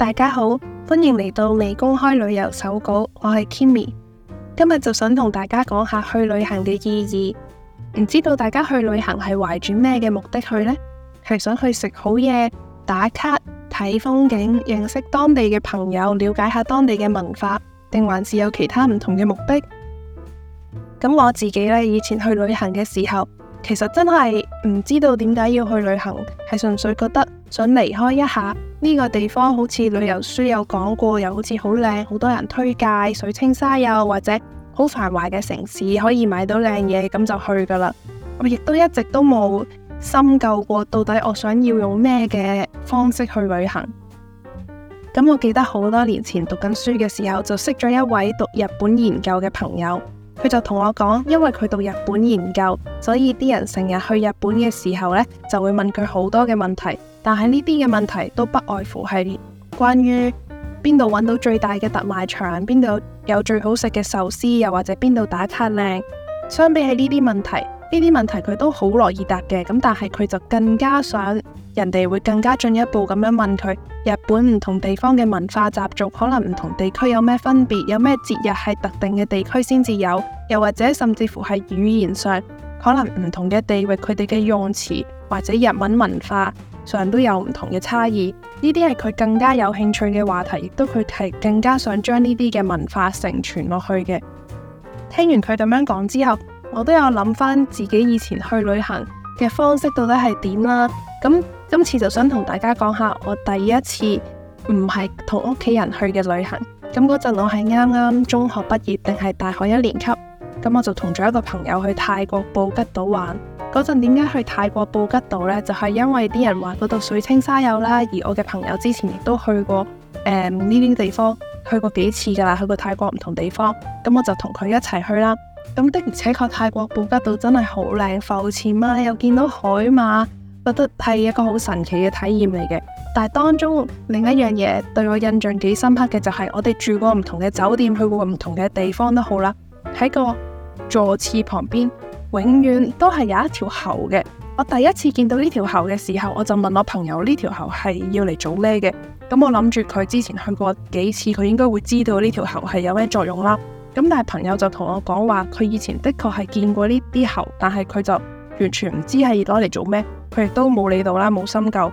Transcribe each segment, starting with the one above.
大家好，歡迎嚟到未公開旅遊手稿，我係 Kimmy，今日就想同大家講下去旅行嘅意義。唔知道大家去旅行係懷住咩嘅目的去呢？係想去食好嘢、打卡、睇風景、認識當地嘅朋友、了解下當地嘅文化，定還是有其他唔同嘅目的？咁我自己呢，以前去旅行嘅時候，其實真係唔知道點解要去旅行，係純粹覺得。想離開一下，呢個地方，好似旅遊書有講過，又好似好靚，好多人推介水清沙幼或者好繁華嘅城市，可以買到靚嘢，咁就去㗎啦。我亦都一直都冇深究過，到底我想要用咩嘅方式去旅行。咁我記得好多年前讀緊書嘅時候，就識咗一位讀日本研究嘅朋友，佢就同我講，因為佢讀日本研究，所以啲人成日去日本嘅時候呢，就會問佢好多嘅問題。但係呢啲嘅問題都不外乎係關於邊度揾到最大嘅特賣場，邊度有最好食嘅壽司，又或者邊度打卡靚。相比起呢啲問題，呢啲問題佢都好樂意答嘅。咁但係佢就更加想人哋會更加進一步咁樣問佢日本唔同地方嘅文化習俗，可能唔同地區有咩分別，有咩節日係特定嘅地區先至有，又或者甚至乎係語言上可能唔同嘅地域佢哋嘅用詞或者日文文化上都有唔同嘅差異，呢啲係佢更加有興趣嘅話題，亦都佢係更加想將呢啲嘅文化承傳落去嘅。聽完佢咁樣講之後，我都有諗翻自己以前去旅行嘅方式到底係點啦。咁今次就想同大家講下，我第一次唔係同屋企人去嘅旅行。咁嗰陣我係啱啱中學畢業，定係大學一年級，咁我就同咗一個朋友去泰國布吉島玩。嗰陣點解去泰國布吉島呢？就係因為啲人話嗰度水清沙幼啦，而我嘅朋友之前亦都去過誒呢啲地方，去過幾次噶啦，去過泰國唔同地方，咁我就同佢一齊去啦。咁的而且確泰國布吉島真係好靚，浮潛嘛，又見到海嘛，覺得係一個好神奇嘅體驗嚟嘅。但係當中另一樣嘢對我印象幾深刻嘅就係我哋住過唔同嘅酒店，去過唔同嘅地方都好啦。喺個座廁旁邊，永遠都係有一條喉嘅。我第一次見到呢條喉嘅時候，我就問我朋友呢條喉係要嚟做咩嘅。咁我諗住佢之前去過幾次，佢應該會知道呢條喉係有咩作用啦。咁但係朋友就同我講話，佢以前的確係見過呢啲喉，但係佢就完全唔知係攞嚟做咩，佢亦都冇理到啦，冇深究。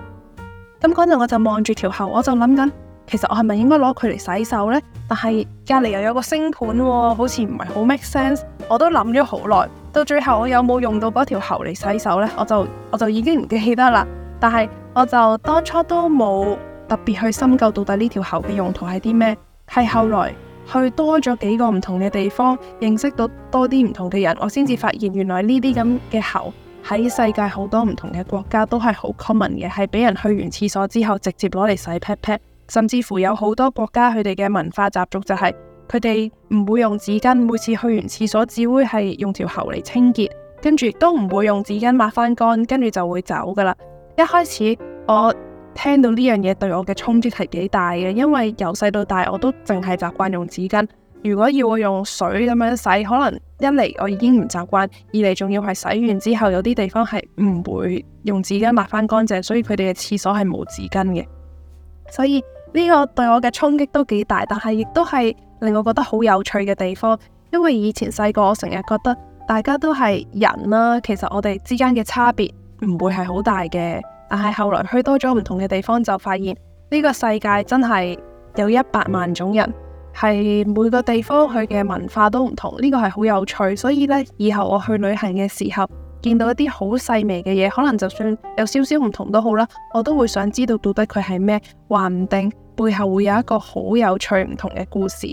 咁嗰陣我就望住條喉，我就諗緊，其實我係咪應該攞佢嚟洗手呢？但係隔籬又有個星盤、哦，好似唔係好 make sense。我都諗咗好耐。到最後我有冇用到嗰條喉嚟洗手呢？我就我就已經唔記得啦。但係我就當初都冇特別去深究到底呢條喉嘅用途係啲咩。係後來去多咗幾個唔同嘅地方，認識到多啲唔同嘅人，我先至發現原來呢啲咁嘅喉喺世界好多唔同嘅國家都係好 common 嘅，係俾人去完廁所之後直接攞嚟洗 pat pat，甚至乎有好多國家佢哋嘅文化習俗就係、是。佢哋唔會用紙巾，每次去完廁所只會係用條喉嚟清潔，跟住亦都唔會用紙巾抹翻乾，跟住就會走噶啦。一開始我聽到呢樣嘢對我嘅衝擊係幾大嘅，因為由細到大我都淨係習慣用紙巾。如果要我用水咁樣洗，可能一嚟我已經唔習慣，二嚟仲要係洗完之後有啲地方係唔會用紙巾抹翻乾淨，所以佢哋嘅廁所係冇紙巾嘅。所以呢個對我嘅衝擊都幾大，但係亦都係。令我覺得好有趣嘅地方，因為以前細個我成日覺得大家都係人啦，啊，其實我哋之間嘅差別唔會係好大嘅。但係後來去多咗唔同嘅地方，就發現呢個世界真係有一百萬種人，係每個地方佢嘅文化都唔同。呢個係好有趣，所以呢，以後我去旅行嘅時候，見到一啲好細微嘅嘢，可能就算有少少唔同都好啦，我都會想知道到底佢係咩，話唔定背後會有一個好有趣唔同嘅故事。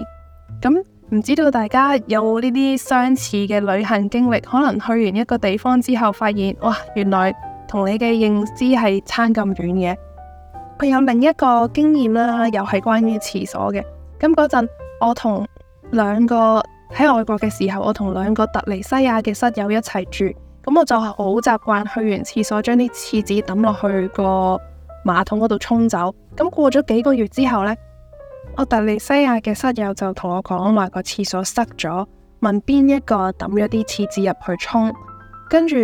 咁唔知道大家有冇呢啲相似嘅旅行經歷，可能去完一個地方之後，發現哇，原來同你嘅認知係差咁遠嘅。佢 有另一個經驗啦，又係關於廁所嘅。咁嗰陣我同兩個喺外國嘅時候，我同兩個突尼西亞嘅室友一齊住，咁我就係好習慣去完廁所將啲廁紙抌落去個馬桶嗰度沖走。咁過咗幾個月之後呢，澳大利西亞嘅室友就同我講話，個廁所塞咗，問邊一個抌咗啲廁紙入去沖。跟住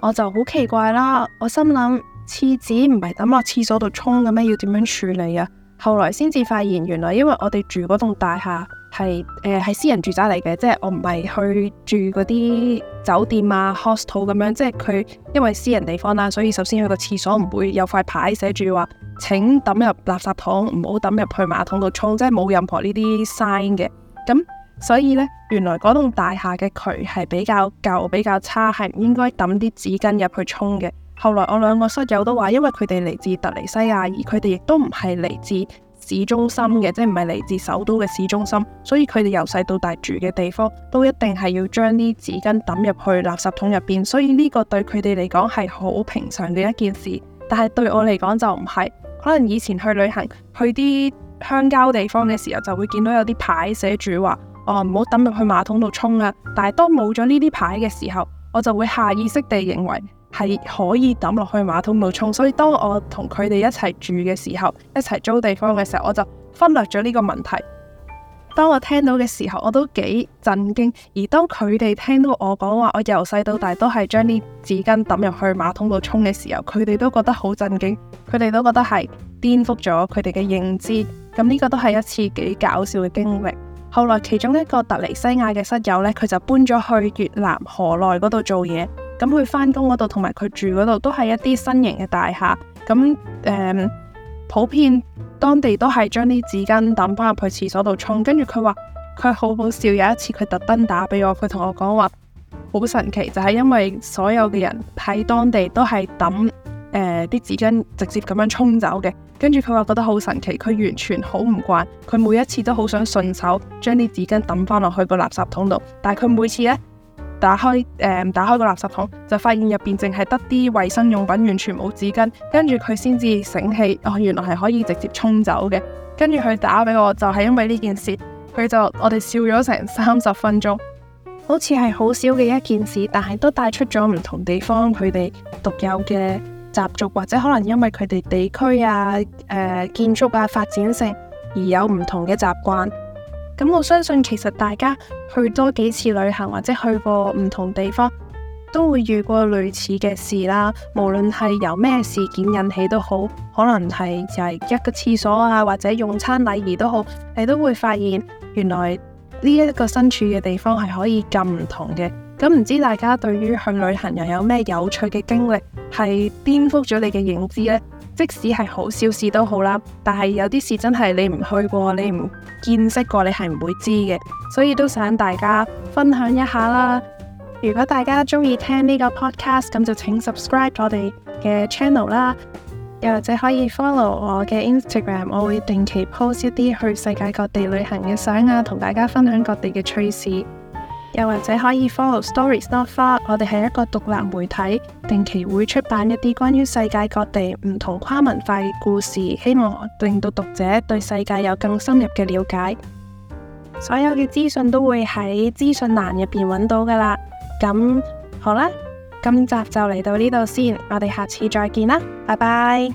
我就好奇怪啦，我心諗廁紙唔係抌落廁所度沖嘅咩？要點樣處理啊？後來先至發現，原來因為我哋住嗰棟大廈。係誒係私人住宅嚟嘅，即係我唔係去住嗰啲酒店啊 hostel 咁樣，即係佢因為私人地方啦，所以首先佢個廁所唔會有塊牌寫住話請抌入垃圾桶，唔好抌入去馬桶度沖，即係冇任何呢啲 sign 嘅。咁所以呢，原來嗰棟大廈嘅渠係比較舊、比較差，係唔應該抌啲紙巾入去沖嘅。後來我兩個室友都話，因為佢哋嚟自特尼西亞，而佢哋亦都唔係嚟自。市中心嘅，即係唔係嚟自首都嘅市中心，所以佢哋由細到大住嘅地方都一定係要將啲紙巾抌入去垃圾桶入邊，所以呢個對佢哋嚟講係好平常嘅一件事。但係對我嚟講就唔係，可能以前去旅行去啲鄉郊地方嘅時候，就會見到有啲牌寫住話，哦唔好抌入去馬桶度沖啊。但係當冇咗呢啲牌嘅時候，我就會下意識地認為。係可以抌落去馬桶度沖，所以當我同佢哋一齊住嘅時候，一齊租地方嘅時候，我就忽略咗呢個問題。當我聽到嘅時候，我都幾震驚。而當佢哋聽到我講話，我由細到大都係將啲紙巾抌入去馬桶度沖嘅時候，佢哋都覺得好震驚。佢哋都覺得係顛覆咗佢哋嘅認知。咁呢個都係一次幾搞笑嘅經歷。後來其中一個突尼西亞嘅室友呢，佢就搬咗去越南河內嗰度做嘢。咁佢返工嗰度同埋佢住嗰度都係一啲新型嘅大廈，咁誒、嗯、普遍當地都係將啲紙巾抌翻入去廁所度沖，跟住佢話佢好好笑，有一次佢特登打俾我，佢同我講話好神奇，就係、是、因為所有嘅人喺當地都係抌誒啲紙巾直接咁樣沖走嘅，跟住佢話覺得好神奇，佢完全好唔慣，佢每一次都好想順手將啲紙巾抌翻落去個垃圾桶度，但係佢每次呢……打開誒、嗯，打開個垃圾桶，就發現入邊淨係得啲衛生用品，完全冇紙巾。跟住佢先至醒起，哦，原來係可以直接沖走嘅。跟住佢打俾我，就係、是、因為呢件事，佢就我哋笑咗成三十分鐘。好似係好小嘅一件事，但係都帶出咗唔同地方佢哋獨有嘅習俗，或者可能因為佢哋地區啊、誒、呃、建築啊發展性而有唔同嘅習慣。咁我相信其實大家去多幾次旅行或者去過唔同地方，都會遇過類似嘅事啦。無論係由咩事件引起都好，可能係就係一個廁所啊，或者用餐禮儀都好，你都會發現原來呢一個身處嘅地方係可以咁唔同嘅。咁唔知大家對於去旅行又有咩有趣嘅經歷，係顛覆咗你嘅認知呢？即使係好小事都好啦，但係有啲事真係你唔去過，你唔見識過，你係唔會知嘅。所以都想大家分享一下啦。如果大家鍾意聽呢個 podcast，咁就請 subscribe 我哋嘅 channel 啦，又或者可以 follow 我嘅 Instagram，我會定期 post 一啲去世界各地旅行嘅相啊，同大家分享各地嘅趣事。又或者可以 follow Stories Not Far。我哋係一個獨立媒體，定期會出版一啲關於世界各地唔同跨文化嘅故事，希望令到讀者對世界有更深入嘅了解。所有嘅資訊都會喺資訊欄入邊搵到噶啦。咁好啦，今集就嚟到呢度先，我哋下次再見啦，拜拜。